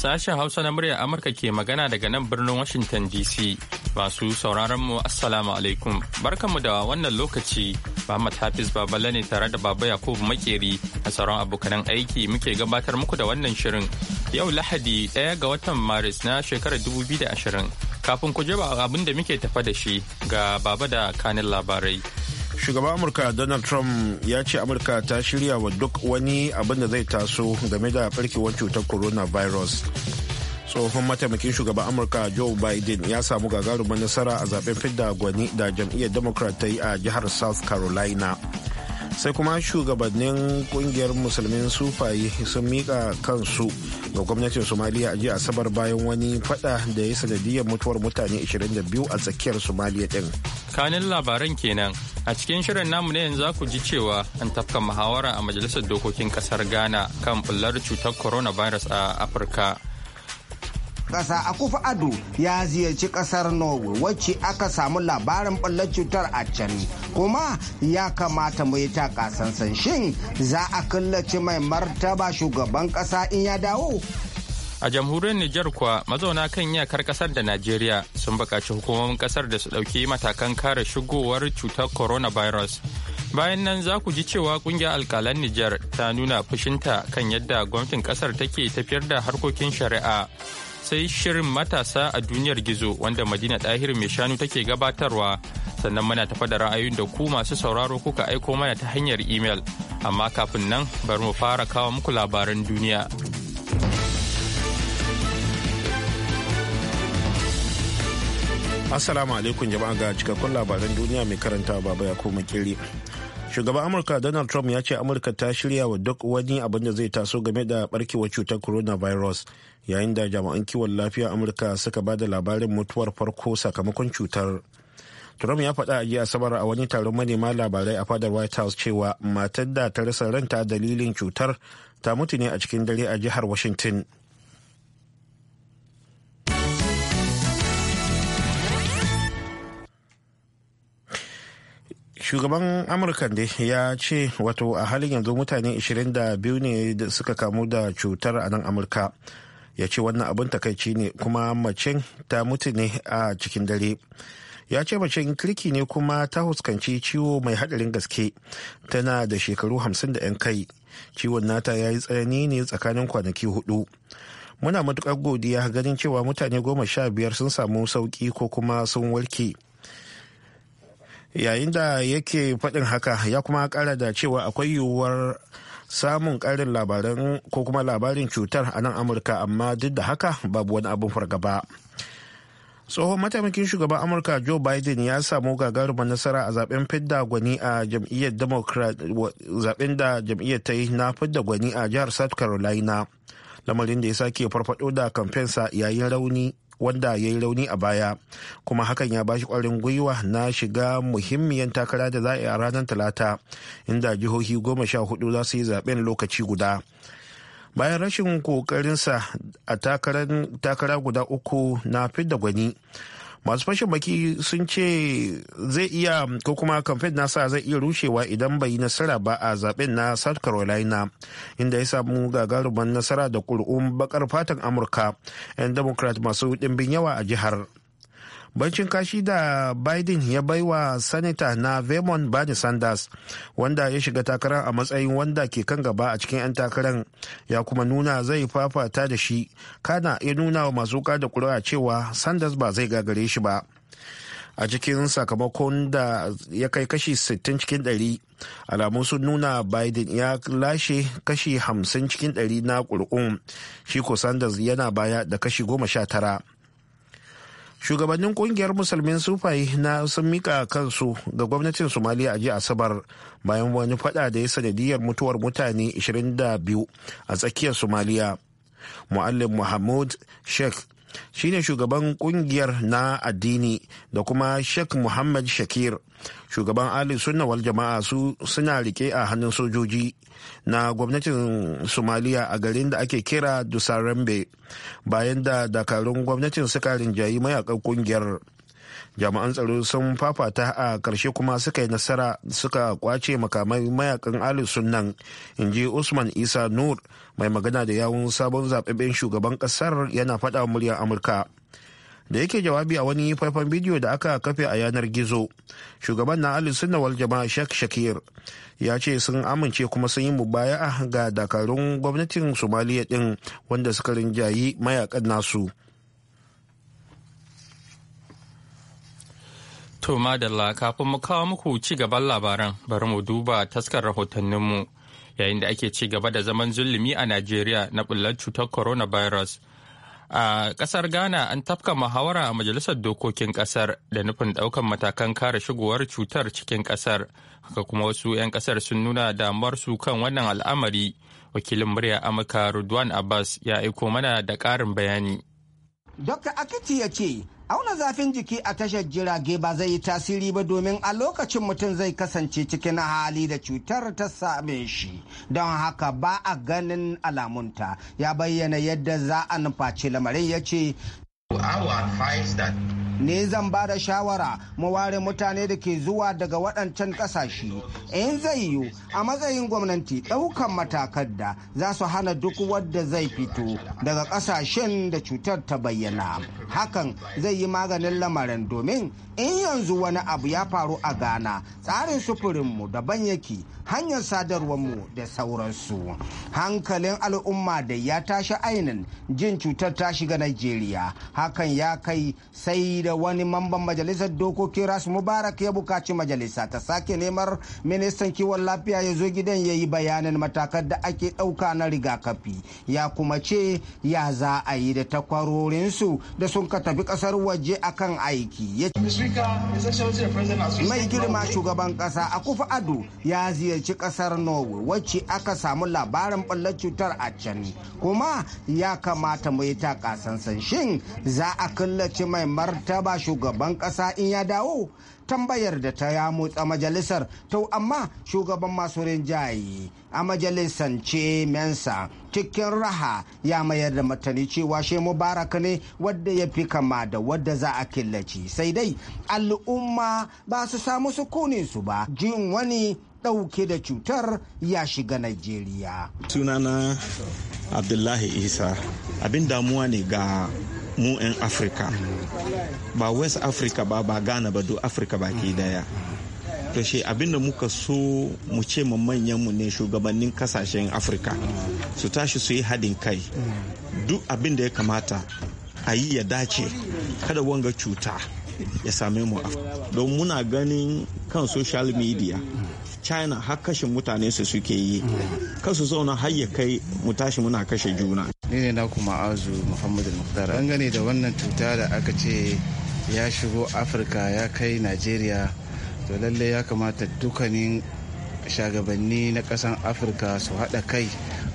Sashen Hausa na muryar Amurka ke magana daga nan birnin Washington DC. Masu sauraron mu Assalamu alaikum. Barkanmu da wannan lokaci. Muhammad Hafiz Babala ne tare da Baba Yakubu Makeri a sauran abokanan aiki muke gabatar muku da wannan shirin. Yau Lahadi ɗaya ga watan Maris na shekarar 2020. Kafin ku jaba abin da muke tafa da shi ga Baba da kanin labarai. shugaban amurka donald trump ya ce amurka ta shirya wa duk wani abin da zai taso game da barkewar cutar coronavirus tsohon mataimakin shugaban amurka joe biden ya samu gagarumar nasara a zaben fidda gwani da jam'iyyar democrat ta yi a jihar south carolina sai kuma shugabannin kungiyar musulmin sufaye sun mika kansu ga gwamnatin somaliya a jiya asabar bayan wani fada da ya sanadiyar mutuwar mutane 22 a tsakiyar somaliya din kanin labaran kenan A cikin shirin namu ne yanzu ku ji cewa an tafka muhawara a Majalisar Dokokin Kasar Ghana kan bullar cutar coronavirus a Afirka. Ƙasa Akufa Ado ya ziyarci ƙasar Norway wacce aka samu labarin ɓallar cutar a can kuma ya kamata mu yi takasansan shin za a killace mai martaba shugaban ƙasa in ya dawo? a jamhuriyar Nijar kuwa mazauna kan iyakar kasar da Najeriya sun buƙaci hukumomin kasar da su ɗauki matakan kare shigowar cutar coronavirus. Bayan nan za ku ji cewa ƙungiyar alkalan Nijar ta nuna fushinta kan yadda gwamnatin kasar take tafiyar da harkokin shari'a. Sai shirin matasa a duniyar gizo wanda Madina Ɗahir mai shanu take gabatarwa. Sannan muna tafa da ra'ayoyin da ku masu sauraro kuka aiko mana ta hanyar imel. Amma kafin nan bari mu fara kawo muku labaran duniya. Assalamu alaikum jama'a ga cikakkun labaran duniya mai karanta baba ya koma kiri. Shugaban Amurka Donald Trump ya ce Amurka ta shirya wa duk wani abin da zai taso game da barkewar cutar coronavirus yayin da jama'an kiwon lafiya Amurka suka ba da labarin mutuwar farko sakamakon cutar. Trump ya faɗa a jiya Asabar a wani taron manema labarai a fadar White House cewa matar da ta rasa ranta dalilin cutar ta mutu ne a cikin dare a jihar Washington. shugaban amurka da ya ce wato a halin yanzu mutane 22 ne suka kamu da cutar a nan amurka ya ce wannan abin takaici ne kuma macen ta mutu ne a cikin dare ya ce macen kirki ne kuma ta huskanci ciwo mai hadarin gaske tana da shekaru 50 da 'yan kai ciwon nata ya yi tsanani ne tsakanin kwanaki hudu muna matukar godiya ganin cewa mutane goma sha biyar sun samu sauki ko kuma sun warke yayin da yake faɗin haka ya kuma ƙara da cewa akwai yiwuwar samun karin labarin ko kuma labarin cutar a nan amurka amma duk da haka babu wani abin fargaba tsohon mataimakin shugaban amurka joe biden ya samu gagarumar nasara a zaben fidda gwani a jam'iyyar democrat zaben da jam'iyyar ta yi na fidda gwani a jihar south carolina lamarin da ya sake farfado da kamfensa yayin rauni wanda ya yi rauni a baya kuma hakan ya bashi kwarin gwiwa na shiga muhimmiyar takara da za a yi a ranar talata inda jihohi goma sha hudu za su yi zaben lokaci guda bayan rashin kokarinsa a takara guda uku na fidda gwani masu fashin baki sun ce zai iya ko kuma kamfen nasa zai iya rushewa idan bai yi nasara ba a zaben na south carolina inda ya samu gagarumin nasara da ƙuri'un bakar fatan amurka 'yan democrat masu ɗimbin yawa a jihar bancin kashi da biden ya bai wa sanata na vermont bernie sanders wanda ya shiga takarar a matsayin wanda ke kan gaba a cikin 'yan takarar ya kuma nuna zai fafata da shi kana ya nuna wa masu da kuri'a cewa sanders ba zai gagare shi ba a cikin sakamakon da ya kai kashi 60 cikin 100 alamu sun nuna biden ya lashe kashi 50 cikin 100 na ƙuri'un shi ko sanders yana baya da kashi 19 shugabannin kungiyar musulmin sufaye na sun mika kansu ga gwamnatin somaliya a jiya asabar bayan wani fada da ya sanadiyar mutuwar mutane 22 a tsakiyar somaliya muallim muhammad sheikh shine shugaban kungiyar na addini da kuma sheikh muhammad shakir shugaban ali sunna wal jama'a su suna rike a hannun sojoji na gwamnatin somaliya a garin da ake kira dusarambe bayan da dakarun gwamnatin suka rinjayi mayakan kungiyar jami'an tsaro sun fafata a ƙarshe kuma suka yi nasara suka kwace makamai mayakan ali sunan in ji usman isa nur mai magana da yawun sabon zababben shugaban ƙasar yana faɗa muryar amurka da yake jawabi a wani faifan bidiyo da aka kafe a yanar gizo shugaban na ali sunna wal jama'a shak shakir ya ce sun amince kuma sun yi mubaya ga dakarun gwamnatin somaliya din wanda suka rinjayi mayakan nasu To madalla kafin mu kawo muku ci gaban labaran bari mu duba taskar rahotanninmu yayin da ake ci gaba da zaman zulumi a Najeriya na bullar cutar coronavirus. A kasar Ghana an tafka muhawara a majalisar dokokin kasar da nufin daukan matakan kare shigowar cutar cikin kasar. Haka kuma wasu 'yan kasar sun nuna su kan wannan al'amari. Wakilin murya Amurka Rudwan Abbas ya aiko mana da ƙarin bayani. Dr. Akiti ya ce auna zafin jiki a tashar jirage ba zai yi tasiri ba domin a lokacin mutum zai kasance cikin hali da cutar ta same shi don haka ba a ganin alamunta ya bayyana yadda za a nufaci lamarin ya ce ne zan ba da shawara mu ware mutane da ke zuwa daga waɗancan ƙasashe in zai yiwu a matsayin gwamnati ɗaukan matakan da za su hana duk wadda zai fito daga ƙasashen da cutar ta bayyana hakan zai yi maganin lamarin domin in yanzu wani abu ya faru a ghana tsarin sufurinmu ban yaki hanyar sadarwar mu da sauransu hankalin al'umma da ya tashi ainin jin cutar ta shiga najeriya hakan ya kai sai da da wani mamban majalisar dokokin ras mubarak ya bukaci majalisa ta sake neman ministan kiwon lafiya ya zo gidan ya yi bayanin matakan da ake ɗauka na rigakafi ya kuma ce ya za a yi da takwarorinsu da sun ka tafi ƙasar waje akan aiki mai girma shugaban ƙasa kufa ado ya ziyarci ƙasar norway wacce aka samu labarin ɓallar cutar a can kuma ya kamata mu yi takasansan shin za a kallaci mai marta ta ba shugaban kasa in ya dawo tambayar da ta ya motsa majalisar to amma shugaban masu rinjaye a majalisar ce mensa cikin raha ya mayar da matani cewa she Mubarak ne wadda ya fi kama da wadda za a killaci sai dai al'umma ba su samu sukunin su ba jin wani ɗauke da cutar ya shiga Najeriya. Sunana Abdullahi Isa abin damuwa ne ga mu 'yan afirka ba west africa ba ba ghana ba do afirka baki daya to shi abinda muka so mu ce ma manyan mu ne shugabannin kasashen afirka su tashi su yi hadin kai duk abinda ya kamata a yi ya dace kada wanga cuta ya same mu don muna ganin kan social media china har kashin mutane su suke yi kasu zauna har ya kai mu tashi muna kashe juna ni ne na kuma azu muhammadu muktar dangane da wannan cuta da aka ce ya shigo afirka ya kai nigeria to lallai ya kamata dukkanin shagabanni na kasan afirka su haɗa kai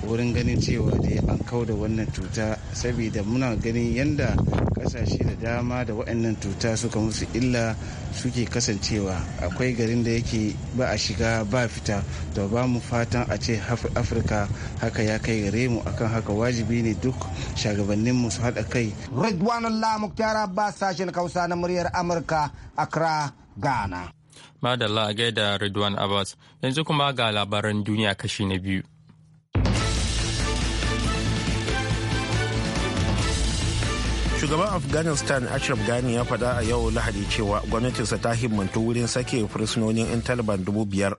wurin ganin cewa dai an da wannan cuta saboda muna ganin yadda kasashe da dama da wa'annan cuta suka musu illa suke kasancewa akwai garin da yake ba a shiga ba fita to ba mu fatan a ce afirka haka ya kai gare mu akan haka wajibi ne duk shagabannin mu su haɗa kai ridwanullah muktar abbas sashen kausa na muryar amurka accra ghana madalla a gaida ridwan abbas yanzu kuma ga labaran duniya kashi na biyu shugaban afghanistan ashraf ghani ya faɗa a yau lahadi cewa gwamnatinsa ta himmantu wurin sake fursunonin 'yan taliban dubu a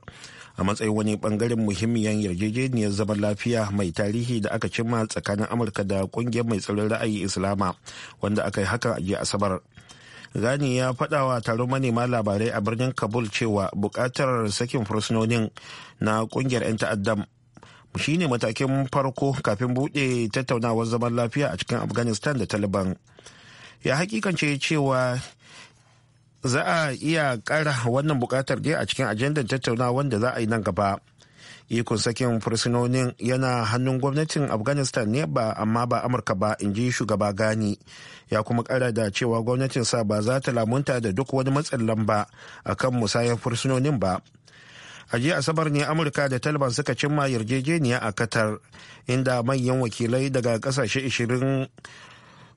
matsayin wani bangaren muhimmiyar yarjejeniyar zaman lafiya mai tarihi da aka cimma tsakanin amurka da kungiyar mai tsaron ra'ayi islama wanda aka yi hakan a jiya asabar ghani ya faɗa wa taron manema labarai a birnin kabul cewa buƙatar sakin fursunonin na ƙungiyar 'yan ta'addam shine matakin farko kafin buɗe tattaunawar zaman lafiya a cikin afghanistan da taliban ya hakikance cewa za a iya kara wannan bukatar dai a cikin ajandar tattaunawa wanda za a yi nan gaba ikon sakin fursunonin yana hannun gwamnatin afghanistan ne ba amma ba amurka ba in ji shugaba gani ya kuma kara da cewa gwamnatin sa ba za ta lamunta da duk wani matsin lamba kan musayar fursunonin ba a jiya asabar ne amurka da taliban suka cimma yarjejeniya a qatar inda manyan wakilai daga kasashe 20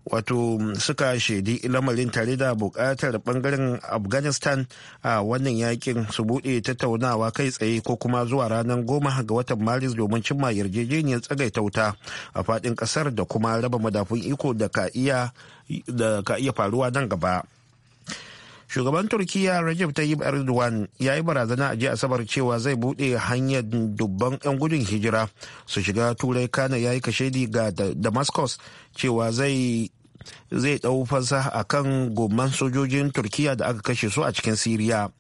wato suka shaidi lamarin tare da buƙatar bangaren afghanistan a wannan yakin su buɗe tattaunawa kai tsaye ko kuma zuwa ranar goma ga watan maris domin cimma yarjejeniyar tsagaita wuta a faɗin ƙasar da kuma raba madafun iko da ka iya faruwa nan gaba shugaban turkiya rajab tayyip erdogan ya yi barazana a jiya asabar cewa zai bude hanyar dubban 'yan gudun hijira su shiga turai kana ya yi kashedi ga damascus cewa zai zai ɗau fansa a kan goman sojojin turkiya da aka kashe su a cikin siriya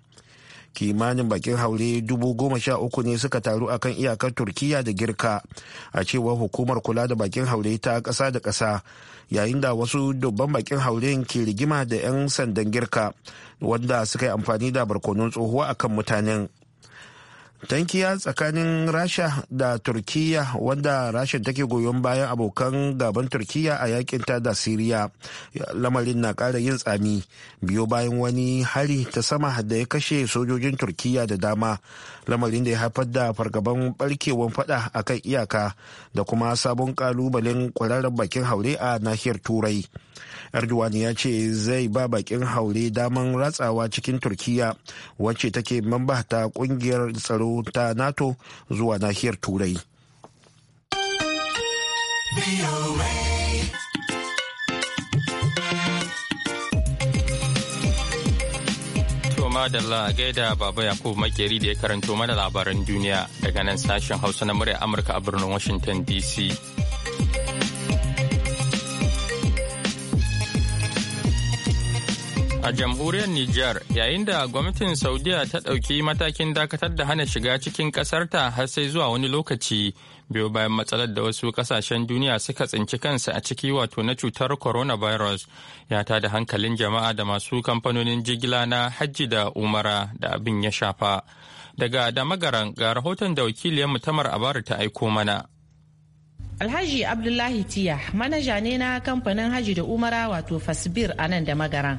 kimanin bakin haure dubu goma sha uku ne suka taru akan iyakar turkiya da girka a cewar hukumar kula da bakin haure ta ƙasa da ƙasa yayin da wasu dubban bakin hauren ke rigima da 'yan sandan girka wanda suka yi amfani da barkonon tsohuwa akan mutanen tankiya tsakanin rasha da turkiya wanda rasha take goyon bayan abokan gaban turkiya a yakin ta da siriya lamarin na kara yin tsami biyo bayan wani hari ta sama da ya kashe sojojin turkiya da dama lamarin da ya haifar da fargaban barkewar fada a kan iyaka da kuma sabon kalubalen kwararren bakin haure a nahiyar turai erdogan ya ce zai ba bakin haure daman ratsawa cikin turkiya wacce take mamba ta kungiyar tsaro ta nato zuwa nahiyar turai. madalla gaida baba yakubu makeri da ya karanto mana labaran duniya daga nan sashen hausa na murya amurka a birnin washington dc a jamhuriyar nijar yayin da gwamnatin saudiya ta ɗauki matakin dakatar da hana shiga cikin ƙasarta har sai zuwa wani lokaci biyu bayan matsalar da wasu ƙasashen duniya suka tsinci kansu a ciki wato na cutar coronavirus ya ta da hankalin jama'a da masu kamfanonin jigila na hajji da umara da abin ya shafa daga damagaran ga rahoton da wakiliyar mutamar abaru ta aiko mana Alhaji Abdullahi Tiya, manaja ne na kamfanin Haji da Umara wato Fasbir a nan da magaran.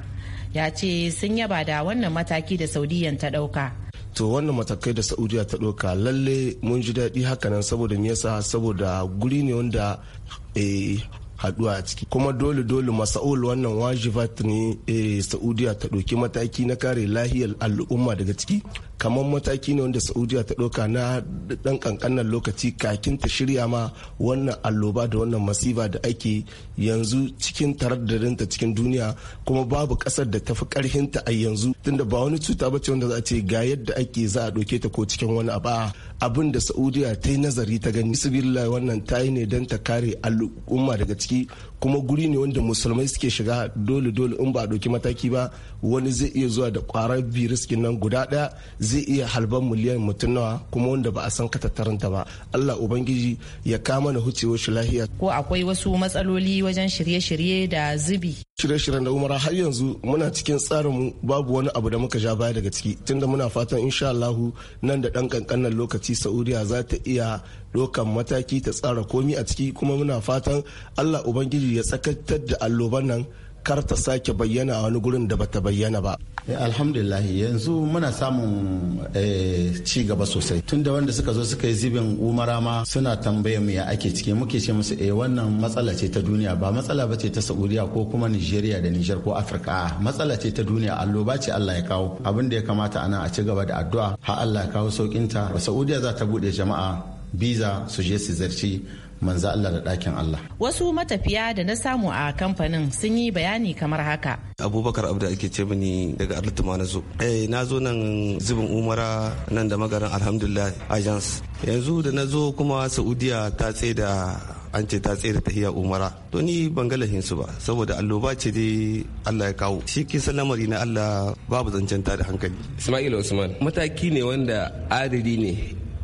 ya ce sun yaba da wannan mataki da saudiyan ta dauka. to wannan matakai da saudiya ta ɗauka lalle mun ji daɗi hakanan saboda me yasa saboda guri ne wanda eh, haduwa a ciki kuma dole dole masa'ul wannan wajibat ne eh, saudiya ta ɗauki mataki na kare lahiyar al'umma daga ciki kamar mataki ne wanda saudiya ta ɗauka na ɗan ƙanƙanan lokaci kakin ta shirya ma wannan alloba da wannan masifa da ake yanzu cikin taradarinta cikin duniya kuma babu ƙasar da tafi ƙarhinta a yanzu tunda ba wani cuta bace wanda za a ce ga yadda ake za a ɗauke ta ko cikin wani abu abin da saudiya ta yi nazari ta gani bisbillah wannan ta yi ne don ta kare al'umma daga ciki kuma guri ne wanda musulmai suke shiga dole dole in ba a dauki mataki ba wani zai iya zuwa da kwarar virus nan guda daya zai iya halban miliyan mutum nawa kuma wanda ba a san katattarinta ba allah ubangiji ya kama na hucewar shi lahiya ko akwai wasu matsaloli wajen shirye-shirye da zubi shirye-shiryen da umara har yanzu muna cikin tsarinmu babu wani abu da muka ja baya daga ciki tunda muna fatan insha allahu nan da dan kankanin lokaci gwamnati saudiya za ta iya dokan mataki ta tsara komi a ciki kuma muna fatan allah ubangiji ya tsakatar da alloban nan kar ta sake bayyana wani gurin da bata bayyana ba eh, alhamdulillah yanzu muna samun eh, ci gaba sosai tun da wanda suka zo suka yi zibin umara ma suna tambaya mu ya ake ciki muke ce musu eh wannan matsala ce ta duniya ba matsala ba ce ta saudiya ko kuma nigeria da niger ko afirka ah, matsala ce ta duniya allo ba ce allah ya kawo abin da ya kamata ana a ci gaba da addu'a har allah ya kawo saukinta saudiya za ta bude jama'a biza su je su zarci manzo Allah da ɗakin Allah. Wasu matafiya da na samu a kamfanin sun yi bayani kamar haka. Abubakar Abda ake ce mini daga Arlituma na zo. Eh na zo nan zubin Umara nan da magarin Alhamdulillah Agence. Yanzu da na zo kuma Saudiya ta tsaye da an ce ta tsere tahiya umara to ni ban ga su ba saboda alloba ce dai Allah ya kawo shi kisan lamari na Allah babu zancen da hankali Ismail Usman mataki ne wanda adadi ne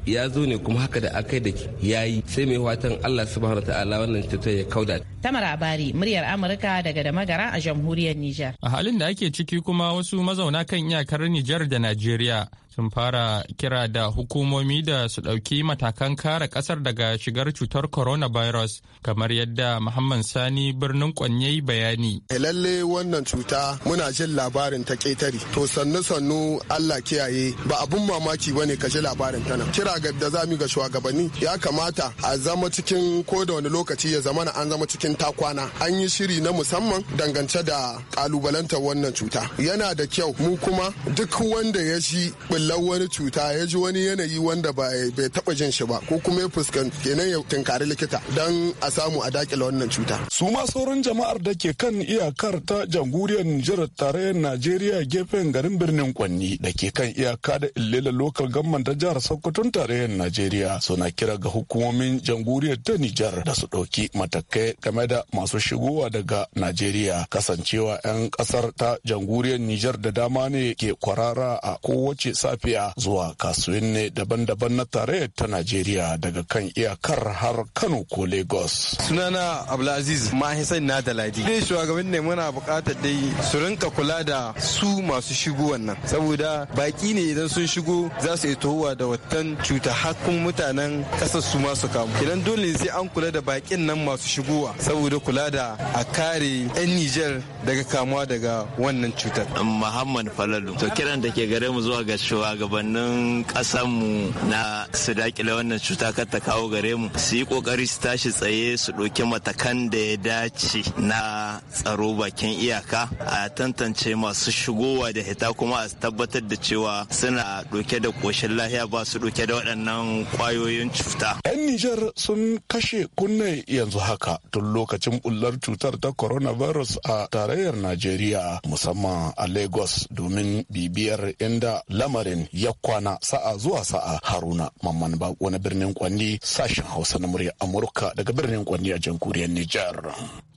ya zo ne kuma haka da akai da yayi sai mai watan Allah subhanahu ta'ala wannan cutar ya kauda Tamar Abari, muryar Amurka daga da magara a jamhuriyar Nijar. A halin da ake ciki kuma wasu mazauna kan iyakar Nijar da Najeriya sun fara kira da hukumomi da su ɗauki matakan kare ƙasar daga shigar cutar coronavirus kamar yadda Muhammad Sani birnin kwanye bayani. Eh, lalle wannan cuta muna jin labarin ta ƙetare to sannu sannu Allah kiyaye ba abun mamaki bane ka ji labarin tana. Kira ga da zamu ga shugabanni ya kamata a zama cikin ko da wani lokaci ya zama an zama cikin ta kwana an yi shiri na musamman dangance da kalubalantar wannan cuta yana da kyau mu kuma duk wanda ya ji bullar wani cuta ya ji wani yanayi wanda bai taba jin shi ba ko kuma ya fuskanci kenan ya tunkari likita don a samu a dakile wannan cuta su ma sauran jama'ar da ke kan iyakar ta jamhuriyar Nijar tarayyar Najeriya gefen garin birnin Kwanni da ke kan iyaka da illela Local Government ta jihar Sokoton tarayyar Najeriya suna kira ga hukumomin jamhuriyar ta Nijar da su ɗauki matakai game game da masu shigowa daga Najeriya kasancewa 'yan kasar ta jamhuriyar Nijar da dama ne ke kwarara a kowace safiya zuwa kasuwanni daban-daban na tarayyar ta Najeriya daga kan iyakar har Kano ko Lagos. Sunana Abdulaziz Mahisan Nadaladi. Dai shugaban ne muna buƙatar dai su rinka kula da su masu shigo wannan saboda baki ne idan sun shigo za su iya tohuwa da wattan cuta hakkun mutanen ƙasar su masu kamu. Idan dole sai an kula da bakin nan masu shigowa saboda kula da a kare 'yan Nijar daga kamuwa daga wannan cutar. Muhammad Falalu. To kiran da ke gare mu zuwa ga shugabannin ƙasarmu na su dakile wannan cuta kar ta kawo gare mu su yi kokari su tashi tsaye su ɗauki matakan da ya dace na tsaro bakin iyaka a tantance masu shigowa da hita kuma a tabbatar da cewa suna ɗauke da ƙoshin lahiya ba su ɗauke da waɗannan ƙwayoyin cuta. 'Yan Nijar sun kashe kunne yanzu haka tun lokacin bullar cutar ta coronavirus a tarayyar Najeriya musamman a Lagos domin bibiyar inda lamarin ya kwana sa'a zuwa sa'a Haruna Mamman Ba na birnin Kwanni sashen Hausa na murya Amurka daga birnin Kwanni a jamhuriyar Nijar.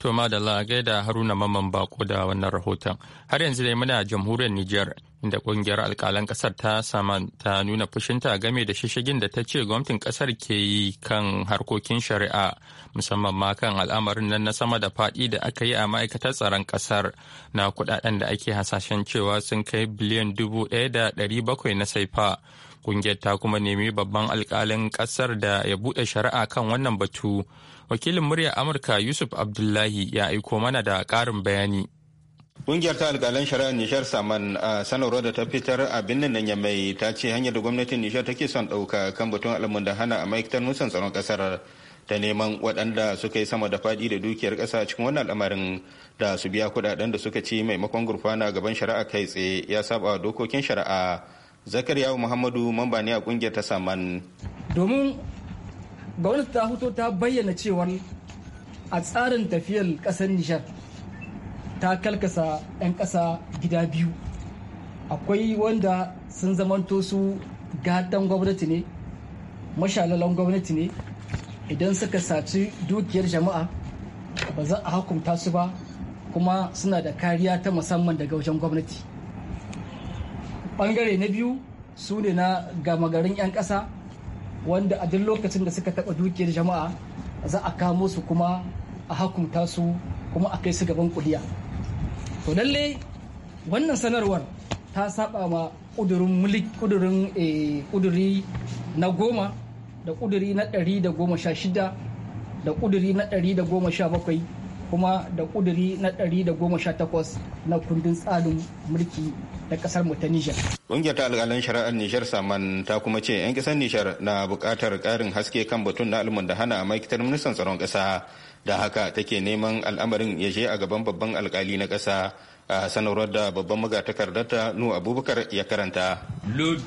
To madalla gaida Haruna Mamman Bako da wannan rahoton. Har yanzu dai muna jamhuriyar Nijar inda kungiyar alkalan kasar ta sama ta nuna fushinta game da shishigin da ta ce gwamnatin kasar ke yi kan harkokin shari'a musamman ma kan al'amarin nan na sama da fadi da aka yi a ma'aikatar tsaron kasar na kudaden da ake hasashen cewa sun kai biliyan dubu daya da dari bakwai na saifa kungiyar ta kuma nemi babban alkalin kasar da ya bude shari'a kan wannan batu wakilin murya amurka yusuf abdullahi ya aiko mana da karin bayani Kungiyar ta alƙalan shari'a Nishar Saman a sanarwar da ta fitar a birnin nan mai ta ce hanyar da gwamnatin Nishar take son ɗauka kan batun alamun da hana a ma'aikatar nusan tsaron ƙasar ta neman waɗanda suka yi sama da faɗi da dukiyar ƙasa cikin wannan al'amarin da su biya kuɗaɗen da suka ci maimakon gurfana gaban shari'a kai tsaye ya saba dokokin shari'a zakariya muhammadu mamba ne a ƙungiyar ta saman domin gwamnati ta fito ta bayyana cewar a tsarin tafiyar ƙasar nishar ta kalkasa 'yan ƙasa gida biyu akwai wanda sun zamanto su gatan gwamnati ne mashalalan gwamnati ne idan suka saci dukiyar jama'a ba za a hukunta su ba kuma suna da kariya ta musamman daga wajen gwamnati bangare na biyu su ne na gama garin 'yan ƙasa wanda a duk lokacin da suka taɓa dukiyar jama'a za a kamo su kuma a hukunta su kuma a kai su gaban kuliya. to lalle wannan sanarwar ta saba ma kudurin mulik kudurin kuduri eh, na goma da kuduri na ɗari da goma sha shida da kuduri na ɗari da goma sha bakwai kuma da kuduri na ɗari da goma sha takwas na kundin tsarin mulki da kasar mu ta Nijar. Ƙungiyar ta alƙalan shari'ar Nijar Saman ta kuma ce 'yan ƙasar Nijar na buƙatar ƙarin haske kan batun na almun da hana ma'aikatar ministan tsaron ƙasa le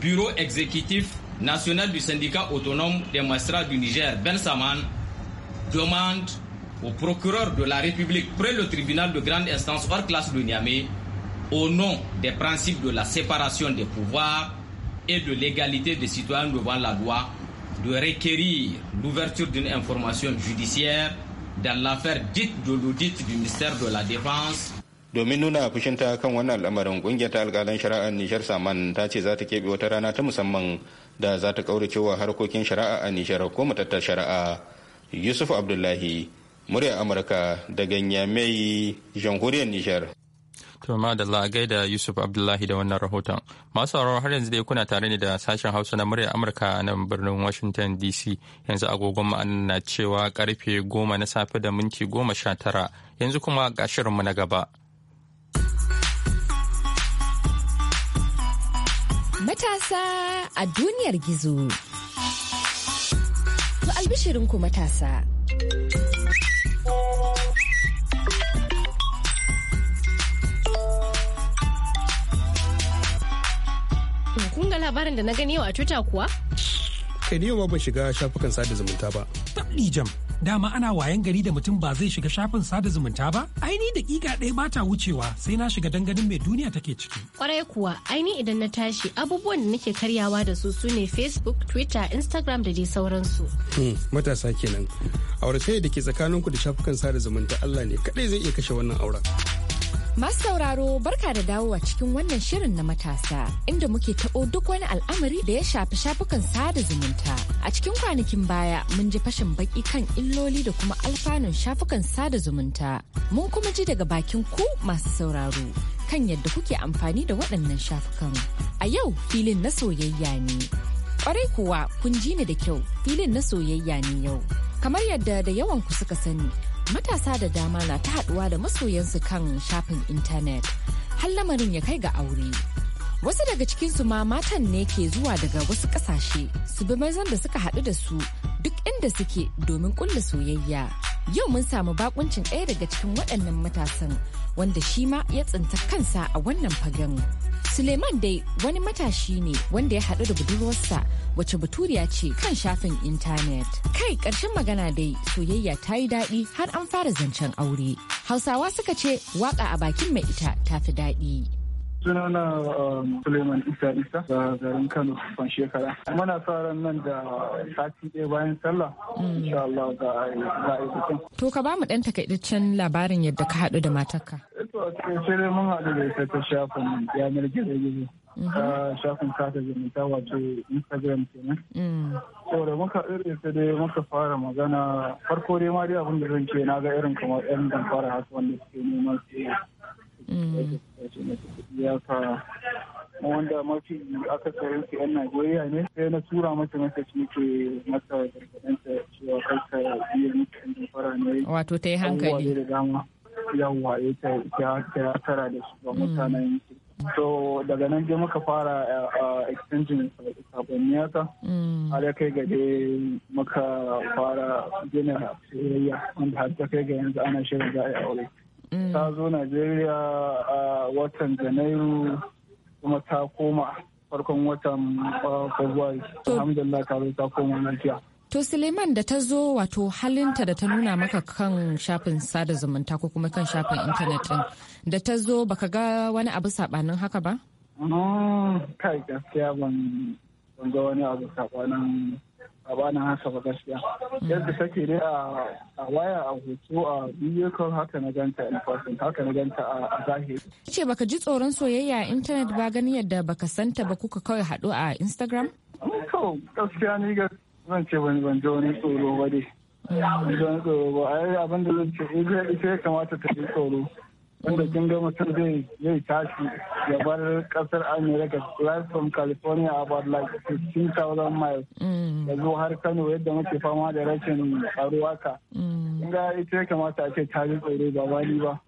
bureau exécutif national du syndicat autonome des maîtres du niger ben saman demande au procureur de la république près le tribunal de grande instance hors classe de niamey au nom des principes de la séparation des pouvoirs et de l'égalité des citoyens devant la loi de requérir l'ouverture d'une information judiciaire dans l'affaire dite de l'audit du ministère de la Défense domin nuna fushinta kan wannan al'amarin kungiyar ta alkalan shari'ar nishar saman ta ce za ta keɓe wata rana ta musamman da za ta wa harkokin shari'a a nishar ko matattar shari'a yusuf abdullahi murya amurka daga nyamai jamhuriyar nijar. To da da Yusuf Abdullahi da wannan rahoton. Masu sauraro har yanzu dai kuna tare ne da sashen Hausa na murya Amurka a nan birnin Washington DC. Yanzu agogon ma'anin na cewa karfe goma na safe da minti goma sha tara. Yanzu kuma ga shirinmu na gaba. Matasa a duniyar gizo. To albishirinku matasa. kun ga labarin da na gani yau a Twitter kuwa? Kai ni ma ban shiga shafukan sada zumunta ba. Tabdi jam, dama ana wayan gari da mutum ba zai shiga shafin sada zumunta ba? Aini dakika ɗaya ba ta wucewa sai na shiga danganin mai duniya take ciki. Kwarai kuwa, aini idan na tashi abubuwan da nake karyawa da su su ne Facebook, Twitter, Instagram da dai sauransu. Hmm, matasa kenan. Auratayya da ke tsakaninku da shafukan sada zumunta Allah ne kaɗai zai iya kashe wannan auren. Masu sauraro barka da dawowa cikin wannan shirin na matasa inda muke taɓo duk wani al'amari da ya shafi shafukan sada zumunta. A cikin kwanakin baya mun ji fashin baki kan illoli da kuma alfanun shafukan sada zumunta. Mun kuma ji daga bakin ku masu sauraro kan yadda kuke amfani da waɗannan shafukan. A yau filin na soyayya ne. Ƙwarai kuwa kun ji ni da kyau filin na soyayya ne yau. Kamar yadda da yawan ku suka sani matasa da dama na ta haɗuwa da masoyansu kan shafin intanet har lamarin ya kai ga aure wasu daga cikinsu ma matan ne ke zuwa daga wasu ƙasashe su bi mazan da suka haɗu da su duk inda suke domin ƙulla soyayya yau mun samu bakuncin ɗaya daga cikin waɗannan matasan wanda shi ma ya tsinta kansa a wannan fagen Suleiman dai wani matashi ne wanda ya haɗu da budurwarsa wacce baturiya ce kan shafin intanet. Kai ƙarshen magana dai soyayya ta yi daɗi har an fara zancen aure. Hausawa suka ce waƙa a bakin mai ita ta fi daɗi. sunana um, Suleiman Isa Isa da garin Kano kan shekara. Muna sa ran nan da sati ɗaya bayan sallah. Mm. Insha Allah za a To ka ba mu ɗan takaitaccen labarin yadda ka haɗu da matarka. sai dai mun haɗu da ita shafin yanar gizo-gizo ta mm-hmm. shafin kata zumunta wato instagram kenan mm. saboda muka irin ta dai muka fara magana farko dai ma dai abin da zan ce na ga irin kamar yan damfara haka wanda suke neman su mm. ya ka wanda mafi akasarin su yan najeriya ne sai na tura mata matashi ke masa gargaɗanta cewa kai ka biyan mutu ne wato ta yi hankali yawwa ya eh, tara da su ba mutanen mm. so daga nan je muka fara eh, eh, extension sabon haka mm. har ya kai ga muka fara gina soyayya wanda har ta kai ga yanzu ana shirin za a yi aure mm. ta zo najeriya a watan janairu kuma ta koma farkon watan february alhamdulillah ta zo ta koma najeriya To Suleiman da ta zo wato halinta da ta nuna maka kan shafin sada zumunta ko kuma kan shafin intanet din da ta zo baka ga wani abu sabanin haka ba? kai gaskiya ban ga wani abu sabanin sabanin haka ba gaskiya. Mm. Yadda take dai a waya a hoto a bidiyo haka na ganta in person haka na ganta a zahiri. Ce baka ji tsoron soyayya a intanet ba gani yadda baka santa ba kuka kawai haɗu a Instagram? Kawai gaskiya ni gaskiya zan ce wani ban wani tsoro ba dai tsoro ba a yi abin da zan ce eh, ita ya kamata ta yi tsoro wanda kin ga mutum zai zai tashi ya bar kasar america live from california about like 15,000 miles mm. ya zo har kano yadda muke fama da rashin tsaro mm. in ga ita ya kamata a ce ta yi tsoro ba wani ba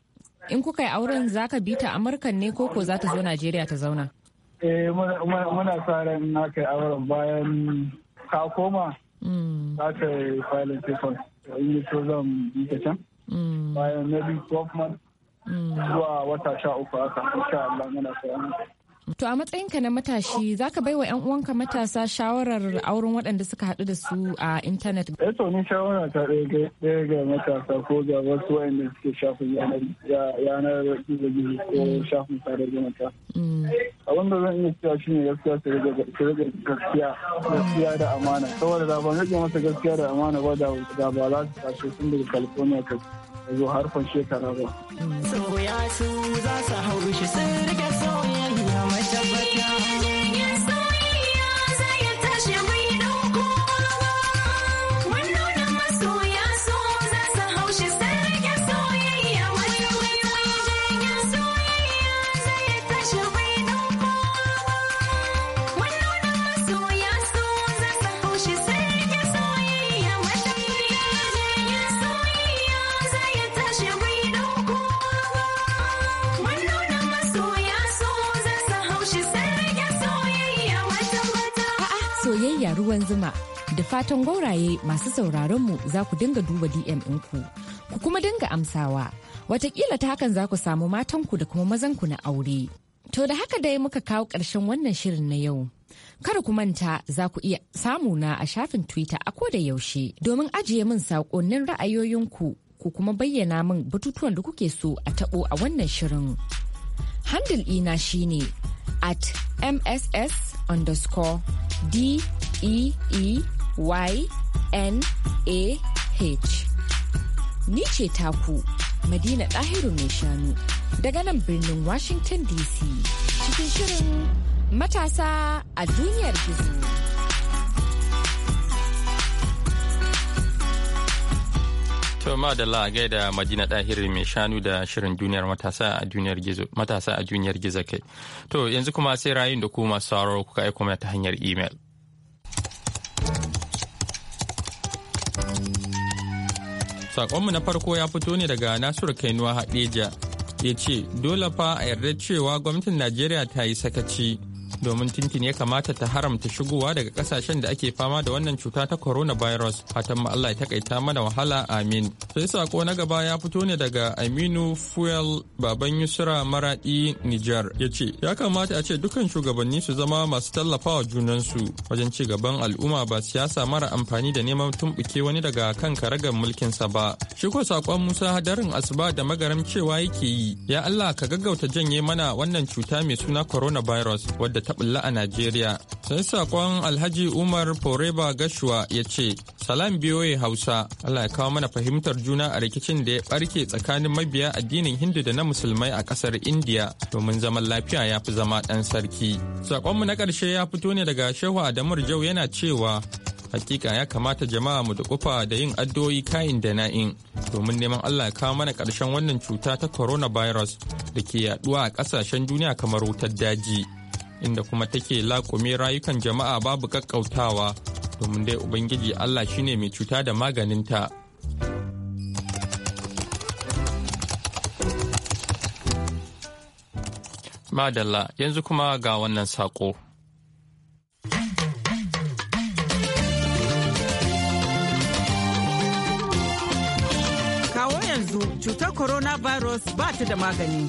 in kuka yi auren zaka bi ta amurka ne ko ko za ta zo najeriya ta zauna eh muna sa ran na kai auren bayan ka koma mm. za ka yi filin papers in yi so zan yi ta can mm. bayan na bi 12 months mm. zuwa wata sha uku haka sha Allah mana sayan To a matsayinka na matashi za ka baiwa 'yan uwanka matasa shawarar auren waɗanda suka haɗu da su a intanet. Ya eh to ni shawara ta ɗaya ga matasa ko ga wasu waɗanda suke shafin yanar gizo ko shafin sadar zumunta. Mm. Abin da zan iya cewa shi ne gaskiya su rage gaskiya gaskiya da amana. Saboda da ban rage masa gaskiya da amana ba da ba za su tashi tun daga California ka zo harfan shekara ba. Mm. Sauya su za su hau shi su rike ruwan zuma da fatan gwauraye masu sauraronmu za ku dinga duba dm ɗinku ku kuma dinga amsawa watakila ta hakan za ku samu matanku da kuma mazanku na aure to da haka dai muka kawo ƙarshen wannan shirin na yau kar ku manta za ku iya samu na a shafin Twitter a koda yaushe domin ajiye min saƙonnin ra'ayoyinku ku kuma bayyana min batutuwan da kuke so a taɓo a wannan shirin. Handil ina shine at mss underscore d-e-e-y-n-a-h ni ce taku madina ɗahiru mai shanu daga nan birnin washington dc cikin shirin matasa a duniyar gizo. To madalla a gaida Madina Dahir mai shanu da shirin duniyar matasa a duniyar gizo kai. To yanzu kuma sai rayun da kuma sauraro kuka aiko mana ta hanyar email. Sakonmu na farko ya fito ne daga Nasiru Kainuwa Hadeja ya ce dole fa a yarda cewa gwamnatin Najeriya ta yi sakaci domin tintin ya kamata ta haramta shigowa daga kasashen da ake fama da wannan cuta ta coronavirus fatan mu Allah ya takaita mana wahala amin sai sako na gaba ya fito ne daga Aminu Fuel baban Yusra Maradi Niger yace ya kamata a ce dukkan shugabanni su zama masu tallafawa junansu wajen ci gaban al'umma ba siyasa mara amfani da neman tumbuke wani daga kan karagar sa ba shi ko sakon Musa Hadarin Asuba da magaram cewa yake yi ya Allah ka gaggauta janye mana wannan cuta mai suna coronavirus wadda ta bulla a Najeriya. Sai sakon Alhaji Umar Foreba Gashuwa ya ce, Salam biyoye Hausa, Allah ya kawo mana fahimtar juna a rikicin da ya barke tsakanin mabiya addinin Hindu da na Musulmai a ƙasar India domin zaman lafiya ya fi zama ɗan sarki. Sakonmu na ƙarshe ya fito ne daga Shehu Adamu Jau yana cewa hakika ya kamata jama'a mu da dukufa da yin addu'o'i kayin da na'in domin neman Allah ya kawo mana ƙarshen wannan cuta ta coronavirus da ke yaduwa a ƙasashen duniya kamar wutar daji. inda kuma take laƙumi rayukan jama'a babu kakkautawa domin dai ubangiji allah shine mai cuta da maganinta madalla yanzu kuma ga wannan saƙo kawo yanzu cutar coronavirus ba ta da magani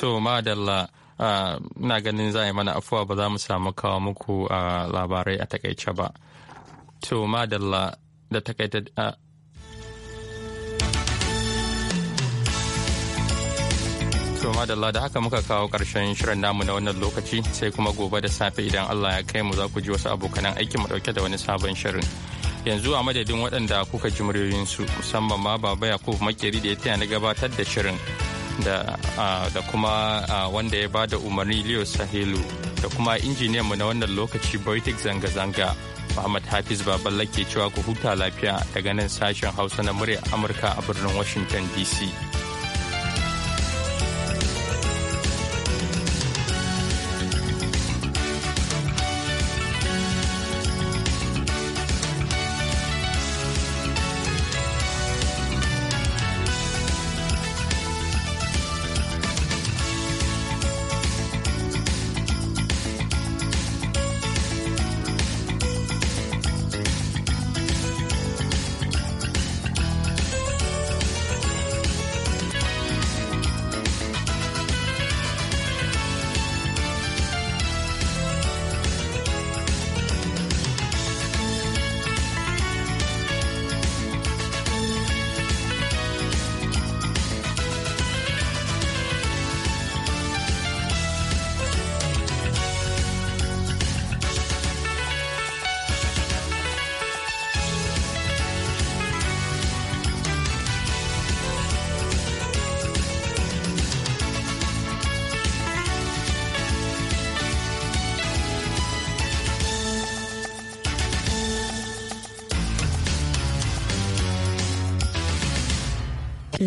To madalla ina ganin za a yi mana afuwa ba za mu samu kawo muku labarai a takaice ba. To madalla da takaita da haka muka kawo ƙarshen shirin namu na wannan lokaci sai kuma gobe da safe idan Allah ya kai mu za ku ji wasu abokanan aikin mu dauke da wani sabon shirin. Yanzu a madadin waɗanda kuka ji muryoyinsu musamman ma Baba Yakub Makeri da ya taya na gabatar da shirin da kuma wanda ya ba da umarni leo sahelu da kuma injiniyanmu na wannan lokaci boitik zanga-zanga muhammad hafiz baballa ke cewa ku huta lafiya daga nan sashen hausa na murya amurka a birnin washington dc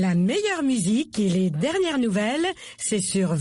La meilleure musique et les dernières nouvelles, c'est sur